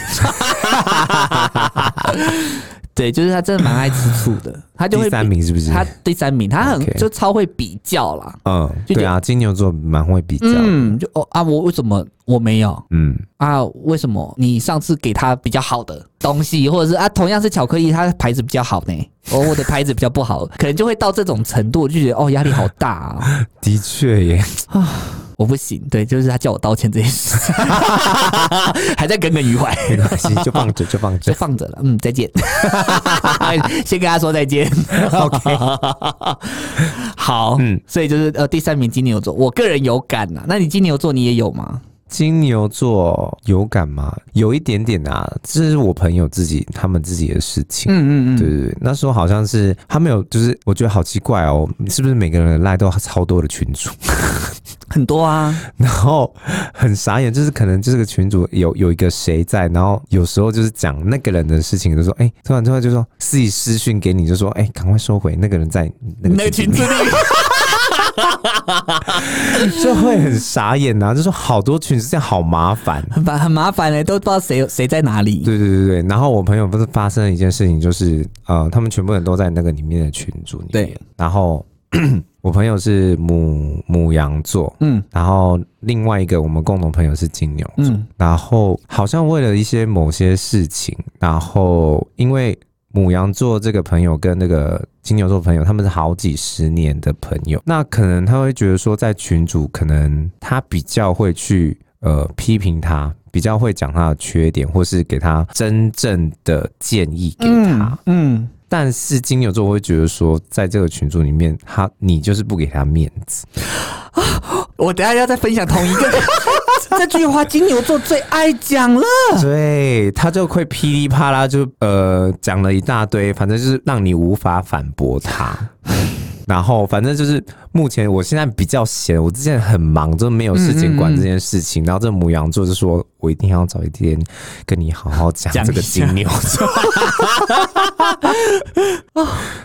對，就是他真的蠻愛吃醋的，他就會第三名是不是？他第三名，他很、Okay. 就超會比較啦。嗯、哦，對啊，金牛座蠻會比較，嗯，就哦啊，我為什麼我沒有？嗯，啊，為什麼你上次給他比較好的東西，或者是啊，同樣是巧克力，他的牌子比較好呢，哦，我的牌子比較不好， 可能就會到這種程度，我就覺得哦，壓力好大啊，的確耶啊。我不行，對，就是他叫我道歉這件事， 還在耿耿於懷。行 就放着，就放着，就放着了。嗯，再見。 先跟他說再見。 OK，好。嗯，所以就是呃，第三名金牛座，我個人有感啊。那你金牛座，你也有嗎？金牛座有感嗎？有一點點啊，這是我朋友自己他們自己的事情。嗯嗯嗯，對對對。那時候好像是他們有，就是我覺得好奇怪哦，是不是每個人的賴都超多的群組？很多啊。 然後很傻眼，就是可能這個群組有有一個誰在，然後有時候就是講那個人的事情，就說哎、欸，突然突然就說自己私訊給你，就說哎、趕、欸、快收回，那個人在那個群組裡。 哈哈哈哈哈！就會很傻眼吶、啊，就說好多群是這樣，好麻煩，很煩很麻煩的、欸，都不知道誰誰在哪裡。對對對對，然後我朋友不是發生了一件事情，就是呃，他們全部人都在那個裡面的群組裡面。對，然後 我朋友是母母羊座，嗯，然後另外一個我們共同朋友是金牛座，嗯，然後好像為了一些某些事情，然後因為。牡羊座這個朋友跟那個金牛座朋友，他們是好幾十年的朋友。那可能他會覺得說，在群組可能他比較會去呃批評他，比較會講他的缺點，或是給他真正的建議給他。嗯。嗯，但是金牛座會覺得說，在這個群組裡面，他你就是不給他面子。我等下要再分享同一個。 這句話金牛座最愛講了，對他就會噼里啪啦就呃講了一大堆，反正就是讓你無法反駁他。 然後反正就是目前我現在比較閒，我之前很忙，就沒有時間管這件事情嗯嗯。然後這母羊座就說：“我一定要找一天跟你好好講這個金牛座。” 啊！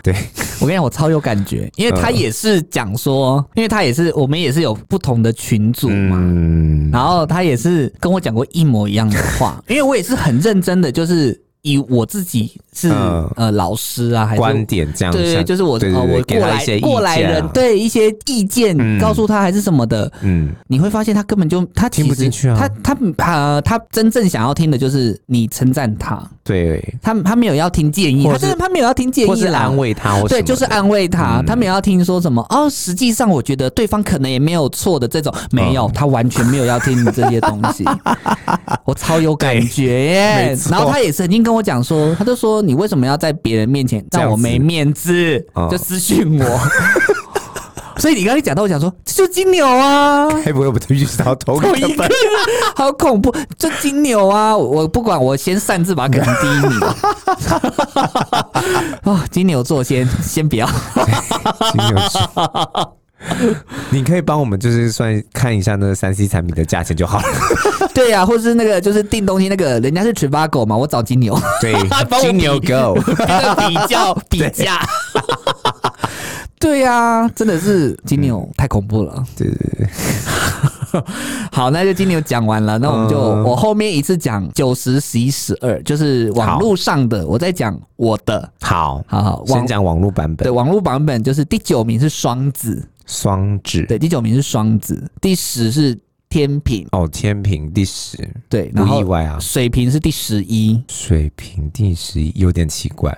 對，我跟你講，我超有感覺，因為他也是講說，因為他也是，我們也是有不同的群組嘛，然後他也是跟我講過一模一樣的話，因為我也是很認真的，就是。以我自己是、嗯、呃老師啊，還是觀點這樣，對，就是我對對對、喔、我過來給他一些意見、啊、過來人，對一些意見、嗯、告訴他還是什麼的，嗯，你會發現他根本就他其實聽不進去、啊、他他呃他真正想要聽的就是你稱讚他，對，他他沒有要聽建議或是，他真的他沒有要聽建議，或是安慰他，對，就是安慰他，他沒有要聽說什麼、嗯、哦，實際上我覺得對方可能也沒有錯的這種、嗯，沒有，他完全沒有要聽這些東西， 我超有感覺耶，然後他也曾經跟。我講說，他就說，你為什麼要在別人面前讓我沒面子？這樣子哦、就私訊我。 所以你剛才講到，我想說，這就金牛啊，不會我同本好恐怖， 就金牛啊！我不管，我先擅自把它改成第一名啊！金牛座先先不要。你可以幫我們，就是算看一下那個三 C 產品的價錢就好了 對呀、啊，或是那個就是訂東西那個人家是 Trivago 嘛，我找金牛，對，金牛 go 比較比價。對呀、 啊，真的是金牛，嗯、太恐怖了。對對對， 好，那就金牛講完了，那我們就，嗯、我後面一次講九十十一十二，就是網絡上的我再講我的，好好，好先講網絡版本，對，網絡版本就是第九名是雙子。雙子對，第九名是雙子，第十是天秤哦，天秤第十對然後第十，不意外啊。水瓶是第十一，水瓶第十一有點奇怪。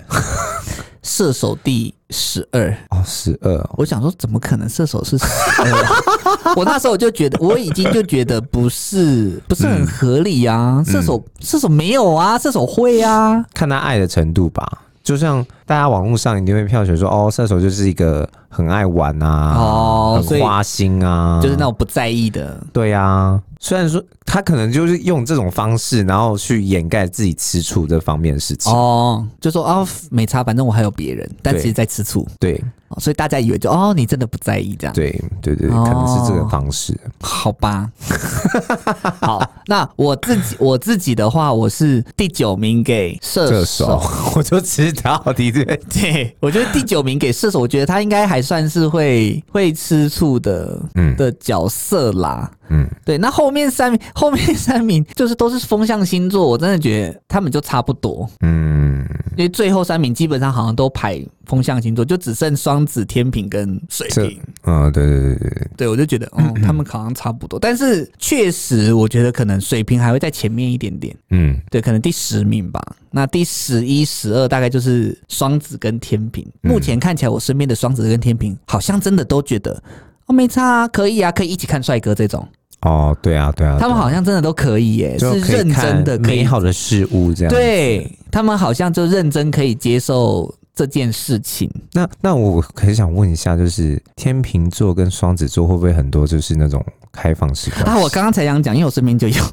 射手第十二哦，十二、哦，我想說怎麼可能射手是十二？ 我那時候就覺得，我已經就覺得不是，不是很合理啊。嗯、射手、嗯、射手沒有啊，射手會啊，看他愛的程度吧，就像。大家網絡上一定會票選說：“哦，射手就是一個很愛玩啊，哦，很花心啊，就是那種不在意的。”對啊，雖然說他可能就是用這種方式，然後去掩蓋自己吃醋這方面的事情。哦，就說哦，沒差，反正我還有別人，但其實在吃醋。對，對，所以大家以為就哦，你真的不在意這樣。對對對，對、哦，可能是這個方式。好吧， 好，那我自己我自己的話，我是第九名給射手，射手 我就知道第。對，我覺得第九名給射手，我覺得他應該還算是會會吃醋的的角色啦。嗯嗯，對，那後，後面三名後面三名就是都是風象星座，我真的覺得他們就差不多。嗯，因為最後三名基本上好像都排風象星座，就只剩雙子、天秤跟水瓶。啊、哦，對對對對對，我就覺得，嗯、哦，他們好像差不多。嗯、但是確實，我覺得可能水瓶還會在前面一點點。嗯，對，可能第十名吧。那第十一、十二大概就是雙子跟天秤。目前看起來，我身邊的雙子跟天秤好像真的都覺得，哦，沒差啊，可以啊，可以一起看帥哥這種。哦，對啊，對啊，他們好像真的都可以耶，就是認真的美好的事物這樣，物這樣。對，他們好像就認真可以接受這件事情。那那我很想問一下，就是天秤座跟雙子座會不會很多就是那種開放式啊？我剛剛才想講，因為我身邊就有。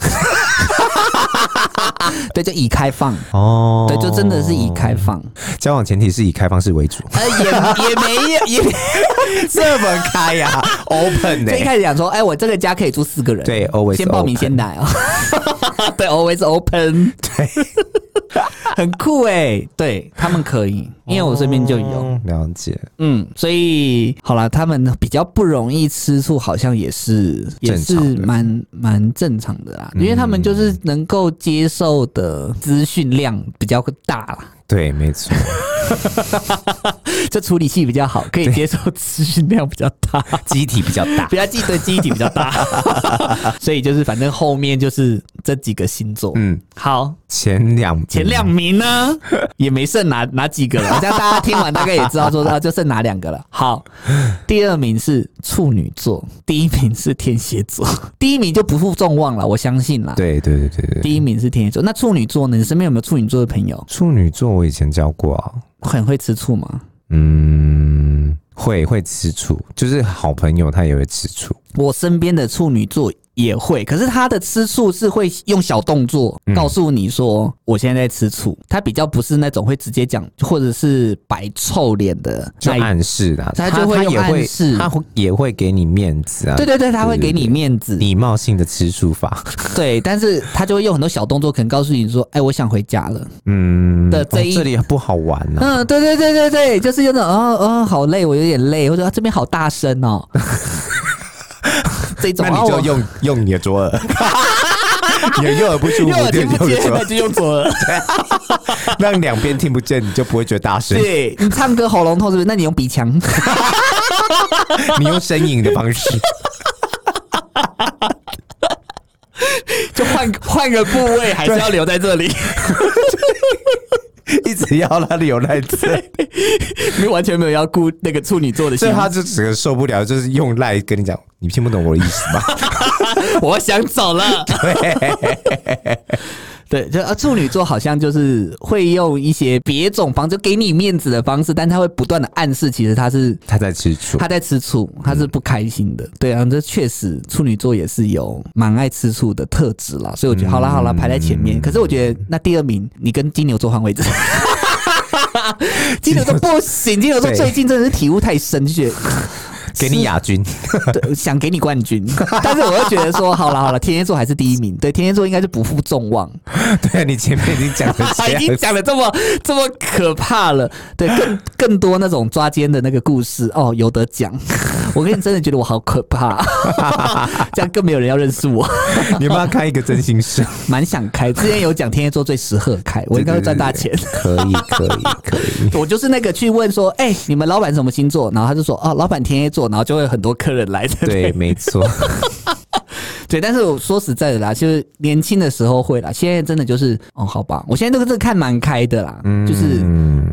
對，就以開放哦，對，就真的是以開放。交往前提是以開放式為主，呃，也沒也沒有，也 這麼開呀、啊、，open、欸。就一開始講說，哎、欸，我這個家可以住四個人，對，always 先報名先來哦、喔。對，always open，對。 很酷，哎、欸，對，他們可以，因為我身邊就有，哦、了解，嗯，所以好啦，他們呢比較不容易吃醋，好像也是也是蠻蠻正常的啦，嗯，因為他們就是能夠接受的資訊量比較大啦。對，沒錯，這 處理器比較好，可以接受資訊量比較大，機 體比較大，不要記得機體比較大， 所以就是反正後面就是這幾個星座，嗯，好，前兩前兩名呢也沒剩哪哪幾個了，好像大家聽完大概也知道說到就剩哪兩個了。好，第二名是處女座，第一名是天蠍座，第一名就不負眾望了，我相信啦。對對對對對，對，第一名是天蠍座，那處女座呢？你身邊有沒有處女座的朋友？處女座。我以前教過啊，很會吃醋嗎？嗯。會會吃醋，就是好朋友他也會吃醋。我身邊的處女座也會，可是他的吃醋是會用小動作告訴你說、嗯：“我現在在吃醋。”他比較不是那種會直接講，或者是擺臭臉的，就暗示的、啊他。他就會暗示他也會，他也會給你面子啊。對對對，對對對，他會給你面子，禮貌性的吃醋法。 對，但是他就會用很多小動作，可能告訴你說：“哎，我想回家了。”嗯，的這、哦、這裡不好玩啊。嗯，對對對對對，就是有那種啊啊、哦哦，好累，我。有點累，或者他這邊好大聲哦 這種，那你就用、啊、用你的左耳，你的右耳不舒服聽不，用右耳不聽， 就用左耳， 讓兩邊聽不見，你就不會覺得大聲。對你唱歌喉嚨痛是不是？那你用鼻腔， 你用聲音的方式， 就換換個部位，還是要留在這裡。 只要那裡有賴着，你完全沒有要顧那個處女座的心， 所以他就只是受不了，就是用賴跟你講，你聽不懂我的意思嗎？ 我想走了。對， 對，就啊，處女座好像就是會用一些別種方式就給你面子的方式，但他會不斷的暗示，其實他是他在吃醋，他在吃醋，他是不開心的。嗯、對啊，這確實處女座也是有蠻愛吃醋的特質啦，所以我覺得、嗯、好啦好啦，排在前面。嗯、可是我覺得那第二名，你跟金牛座換位置。嗯 金牛座不行，金牛座最近真的是體悟太深血，血，給你亞軍，對，想給你冠軍， 但是我又覺得說，好了好了，天蠍座還是第一名，對，天蠍座應該是不負眾望，對啊，你前面已經講， 已經講的這麼這麼可怕了，對，更更多那種抓姦的那個故事，哦，有得講。我跟你真的覺得我好可怕，這樣更沒有人要認識我。 你要開一個真心事，蠻想開。之前有講天蠍座最適合開，我應該會賺大錢對對對。可以，可以，可以。我就是那個去問說，哎、欸，你們老板什麼星座？然後他就說，哦，老板天蠍座，然後就會有很多客人來。對，沒錯。 對，但是我說實在的啦，就是年輕的時候會啦，現在真的就是哦，好吧，我現在都是看蠻開的啦，嗯、就是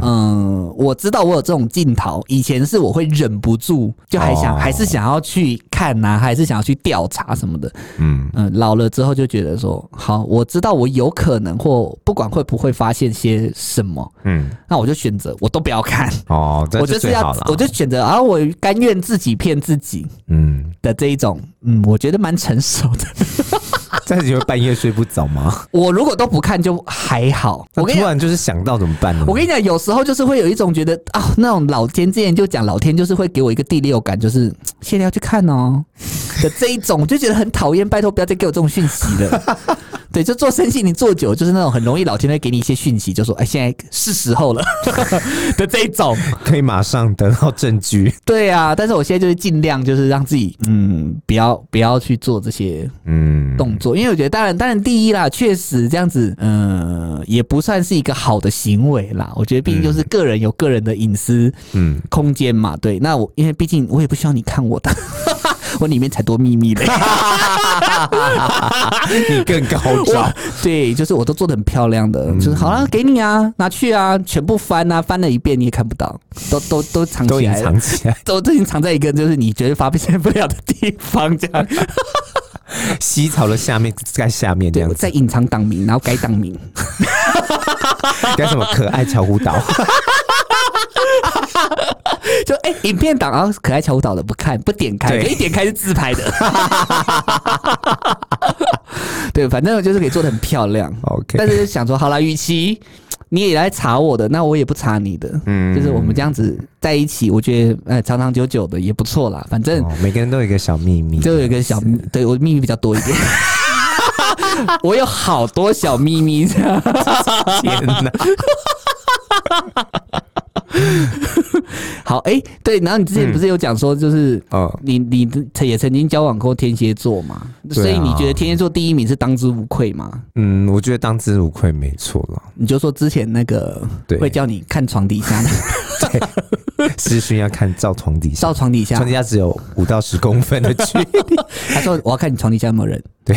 嗯，我知道我有這種鏡頭，以前是我會忍不住就還想、哦，還是想要去看吶、啊，還是想要去調查什麼的，嗯嗯，老了之後就覺得說好，我知道我有可能或不管會不會發現些什麼，嗯，那我就選擇我都不要看哦、啊，我就是要我就選擇，啊我甘願自己騙自己，嗯的這一種，嗯，嗯我覺得蠻成熟的。這樣子就會半夜睡不着嗎？我如果都不看就還好。我突然就是想到怎麼辦呢？我跟你講，有時候就是會有一種覺得啊，那種老天之前就講，老天就是會給我一個第六感，就是現在要去看哦的這一種，就覺得很討厭。拜托，不要再給我這種訊息了。 對，就做生意。你做久就是那種很容易，老天會給你一些訊息，就說哎，現在是時候了 的這一種，可以馬上得到證據。對啊，但是我現在就是盡量就是讓自己，嗯，不要不要去做這些嗯動作嗯，因為我覺得當然，當然當然，第一啦，確實這樣子，嗯，也不算是一個好的行為啦。我覺得，畢竟就是個人有個人的隱私嗯空間嘛、嗯，對。那我因為畢竟我也不需要你看我的。 婚裡面才多秘密的 你更高招，對，就是我都做的很漂亮的，嗯，就是好了，啊，給你啊，拿去啊，全部翻啊，翻了一遍你也看不到，都都都藏起來，都最近藏，藏在一個就是你覺得發現不了的地方，這樣。西草的下面，在下面這樣。我在隱藏檔名，然後改檔名， 改什麼可愛巧虎島。影片檔啊、哦，可愛跳舞蹈的不看不點開，可以點開是自拍的。 對，反正就是可以做的很漂亮。OK，但是想說，好啦，與其你也來查我的，那我也不查你的。嗯，就是我們這樣子在一起，我覺得呃長長久久的也不錯啦。反正、哦、每個人都有一個小秘密，都有一個小秘，對我秘密比較多一點。 我有好多小秘密，啊、 天哪。 好，哎、欸，對，然後你之前不是有講說，就是你，你、嗯呃、你也曾經交往過天蠍座嘛、啊，所以你覺得天蠍座第一名是當之無愧嗎？嗯，我覺得當之無愧，沒錯了。你就說之前那個，會叫你看床底下的，對，對 私訊要看照床底下，照床底下，床底下只有五到十公分的距離，他說我要看你床底下有沒有人，對。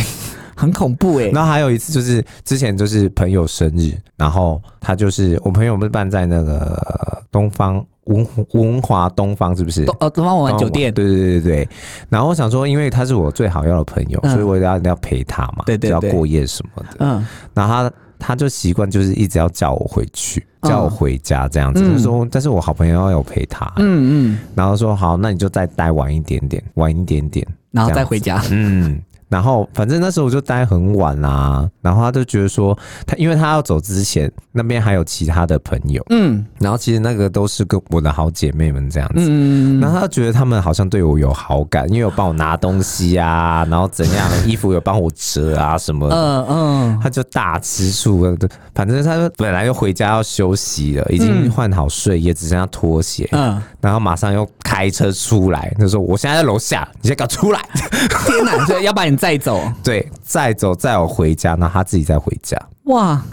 很恐怖哎、欸！然後還有一次就是之前就是朋友生日，然後他就是我朋友，不是辦在那個東方文文華東方是不是？哦，東方文華酒店。對對對對，然後我想說，因為他是我最好要的朋友，嗯、所以我要要陪他嘛。對對，對，就要過夜什麼的。嗯。然後他他就習慣就是一直要叫我回去，叫我回家這樣子。他、嗯、說：“但是我好朋友要有陪他。”嗯嗯。然後說：“好，那你就再待晚一點點，晚一點點，然後再回家。”嗯。然後反正那時候我就待很晚啦，啊，然後他就覺得說他，因為他要走之前那邊還有其他的朋友，嗯，然後其實那個都是跟我的好姐妹們這樣子，嗯，然後他就覺得他們好像對我有好感，因為有幫我拿東西啊，然後怎樣衣服有幫我折啊什麼的，嗯、呃、嗯、呃，他就大吃醋了。反正他說本來就回家要休息了，已經換好睡衣，嗯，也只剩下拖鞋，嗯，然後馬上又開車出來，他說我現在在樓下，你先給我出來。天哪，這要把你。再走，對，再走，再我回家，那他自己再回家。哇，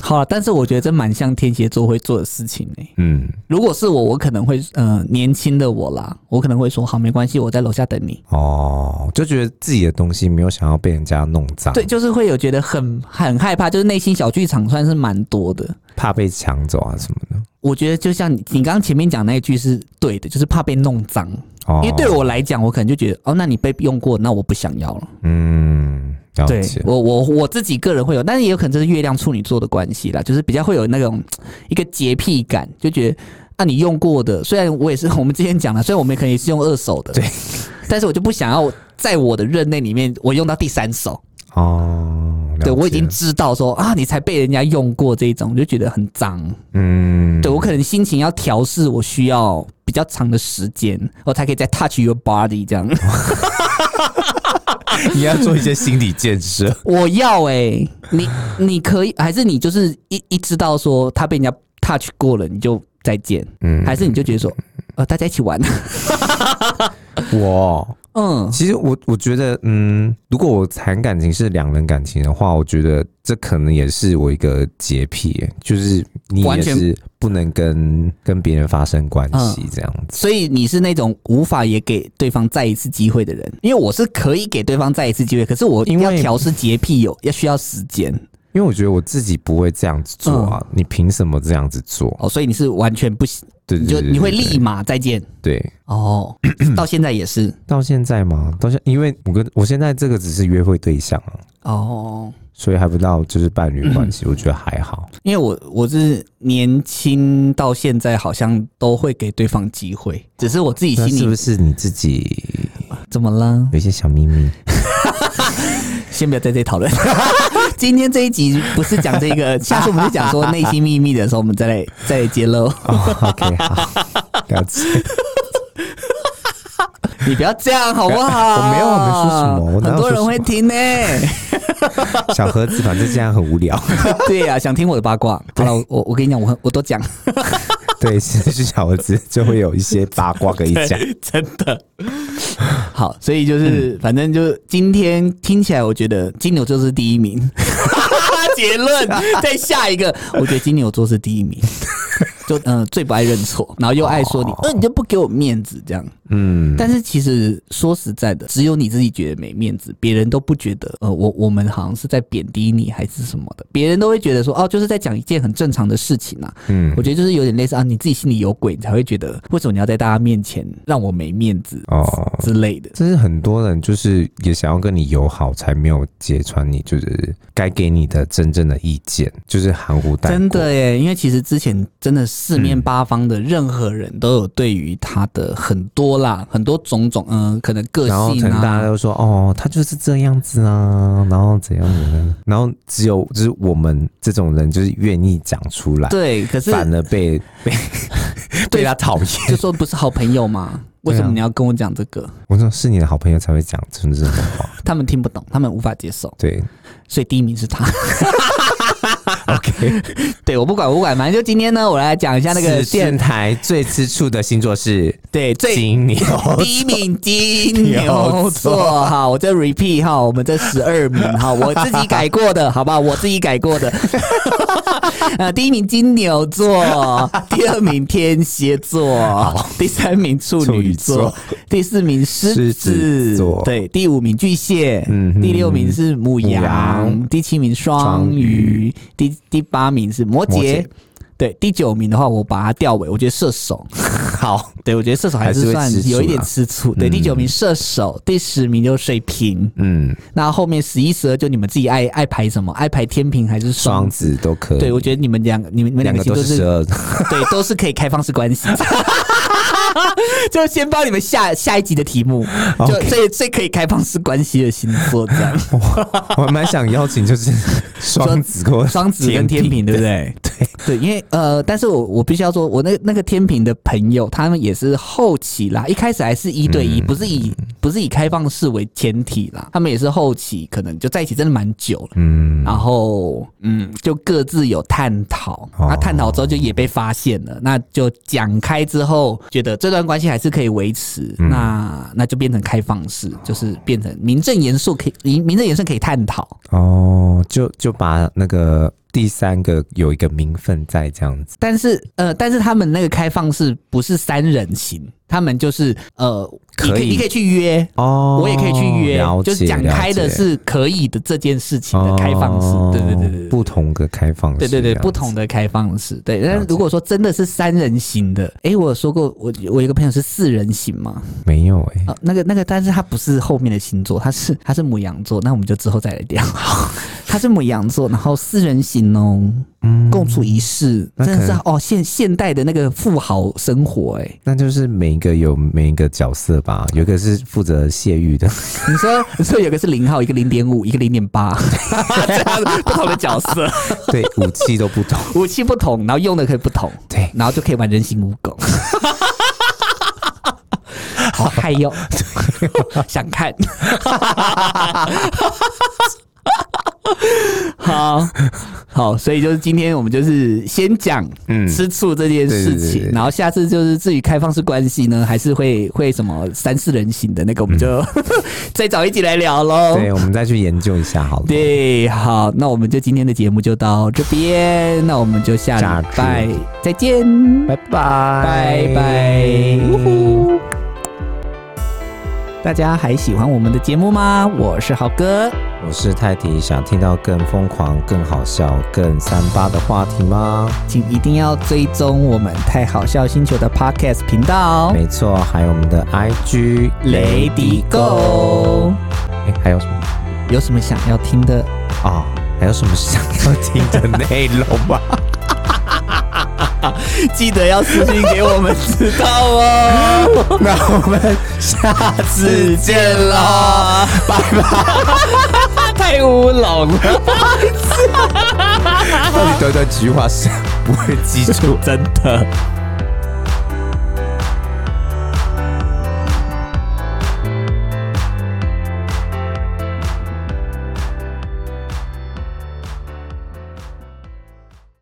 好、啊，但是我覺得這蠻像天蠍座會做的事情呢、欸。嗯，如果是我，我可能會，嗯、呃，年輕的我啦，我可能會說，好，沒關係，我在樓下等你。哦，就覺得自己的東西沒有想要被人家弄髒。對，就是會有覺得很很害怕，就是內心小劇場算是蠻多的，怕被搶走啊什麼的。我覺得就像你你剛剛前面講那一句是對的，就是怕被弄髒。因為對我來講，我可能就覺得哦，那你被用過，那我不想要了。嗯，對。我，我，我自己個人會有，但是也有可能這是月亮處女座的關係啦，就是比較會有那種一個潔癖感，就覺得啊，你用過的，雖然我也是我們之前講了，雖然我們可能也是用二手的，對，但是我就不想要在我的任內裡面，我用到第三手哦。對，我已經知道說啊，你才被人家用過這一種，我就覺得很髒。嗯，對我可能心情要調適，我需要比較長的時間，我才可以再 touch your body 這樣。 你要做一些心理建設。我要哎、欸，你你可以，還是你就是一一知道說他被人家 touch 過了，你就再見。嗯，還是你就覺得說，呃、啊，大家一起玩。我 wow.。嗯，其實我我覺得，嗯，如果我談感情是兩人感情的話，我覺得這可能也是我一個潔癖，就是你也是不能跟跟別人發生關係這樣子、嗯。所以你是那種無法也給對方再一次機會的人？因為我是可以給對方再一次機會，可是我因為要調適潔癖有要需要時間。因為我覺得我自己不會這樣子做啊，嗯、你憑什麼這樣子做？哦，所以你是完全不行？你就你會立馬再見，對，哦， 到現在也是，到現在嗎？到現在，因為我跟我現在這個只是約會對象啊，哦，所以還不知道就是伴侶關係、嗯，我覺得還好，因為我我是年輕到現在好像都會給對方機會、嗯，只是我自己心裡是不是，你自己怎麼了？有些小秘密， 先不要在這討論。 今天這一集不是講這個，下次我們是講說內心秘密的時候，我們再來再來揭露。Oh, OK，好，不要吃， 你不要這樣好不好？我沒有，我沒有說什麼，我哪有說什麼，很多人會聽呢、欸。小盒子，反正這樣很無聊。 對呀、啊，想聽我的八卦。不然我我跟你講，我我都講。 對，是小兒子就會有一些八卦可以講，真的。好，所以就是、嗯、反正就今天聽起來，我覺得金牛座是第一名。 結論論，再 下一個，我覺得金牛座是第一名。 就嗯、呃，最不愛認錯，然後又愛說你、哦，呃，你就不給我面子這樣。嗯，但是其實說實在的，只有你自己覺得沒面子，別人都不覺得。呃，我我們好像是在貶低你還是什麼的，別人都會覺得說，哦，就是在講一件很正常的事情啊。嗯，我覺得就是有點類似啊，你自己心裡有鬼你才會覺得，為什麼你要在大家面前讓我沒面子哦之類的。這是很多人就是也想要跟你友好，才沒有揭穿你，就是該給你的真正的意見，就是含糊帶過。真的耶，因為其實之前真的是。四面八方的任何人都有對於他的很多啦，嗯、很多種種，嗯、呃，可能個性啊，然後常常大家都說：“哦，他就是這樣子啊。”然後怎樣怎樣，然後只有就是我們這種人就是願意講出來，對，可是反而被被，被，被他討厭， 就說不是好朋友嘛？啊、為什麼你要跟我講這個？我說是你的好朋友才會講真的是很好。 他們聽不懂，他們無法接受，對，所以第一名是他。 OK，對，我不管，我不管，不管嘛，反正就今天呢，我來講一下那個電台最吃醋的星座是座，對，金牛，第一名金牛座，好，我再 repeat 哈，我們這十二名哈，我自己改過的，好不好？我自己改過的，那、 呃、第一名金牛座，第二名天蠍座，第三名處女，女座，第四名獅子，獅子座，對，第五名巨蟹，嗯，第六名是牡羊，羊第七名雙魚，魚第。第八名是摩羯，摩羯，對，第九名的話我把它調尾，我覺得射手好，對我覺得射手還是算有一點吃醋，吃醋對，嗯、對，第九名射手，第十名就水瓶，嗯，那後，後面十一、十二就你們自己愛愛排什麼，愛排天平還是雙子，子都可以，對我覺得你們兩個，你們你們兩個都是十二對， 對，都是可以開放式關係。 就先幫你們下下一集的題目，就最、okay、最可以開放式關係的星座，這樣我蠻想邀請，就是雙子跟雙子跟天秤，對不對？對對，因為呃，但是我我必須要說，我那個、那個天秤的朋友，他們也是後期啦，一開始還是一對一、嗯，不是以不是以開放式為前提啦，他們也是後期，可能就在一起真的蠻久了，嗯，然後嗯，就各自有探討、哦，那探討之後就也被發現了，那就講開之後覺得。這段關係還是可以維持，那那就變成開放式，嗯、就是變成名正言順可以名名正言順可以探討哦，就就把那個第三個有一個名分在這樣子。但是呃，但是他們那個開放式不是三人行。他們就是呃，可以，你可以，你可以去約哦，我也可以去約，就是講開的是可以的這件事情的開放式，哦、對對對，對,對不同的開放式，對對對，不同的開放式，對。但如果說真的是三人行的，哎、欸，我有說過，我我一個朋友是四人行嘛，沒有哎、欸啊，那個那個，但是他不是後面的星座，他是他是牡羊座，那我們就之後再來聊。 他是牡羊座，然後四人行哦。共處一室，嗯、真的是、okay. 哦，現現代的那個富豪生活哎、欸，那就是每一個有每一個角色吧，有個是負責洩欲的，你說你說有個是零號，一個零點五，一個零點八， 這樣 不同的角色，對武器都不同，武器不同，然後用的可以不同，對，然後就可以玩人形蜈蚣，好嗨喲 想看。哈哈哈哈哈哈哈哈 好好，所以就是今天我們就是先講嗯吃醋這件事情對對對對，然後下次就是至於開放式關係呢，還是會會什麼三四人行的那個，我們就、嗯、 再找一集來聊嘍。對，我們再去研究一下，好了。對，好，那我們就今天的節目就到這邊，那我們就下禮拜再見，拜拜拜拜，bye bye 呼呼大家還喜歡我們的節目嗎？我是豪哥，我是泰迪。想聽到更瘋狂、更好笑、更三八的話題嗎？請一定要追蹤我們泰豪笑星球的 Podcast 頻道哦。沒錯，還有我們的 IG 雷迪 GO、欸。還有什麼？有什麼想要聽的啊？還有什麼想要聽的內容嗎？ 啊、記得要私信給我們知道哦， 那我們下次見啦， 拜拜！ 太烏龍了，到 底 短短幾句話是不會記住， 真的。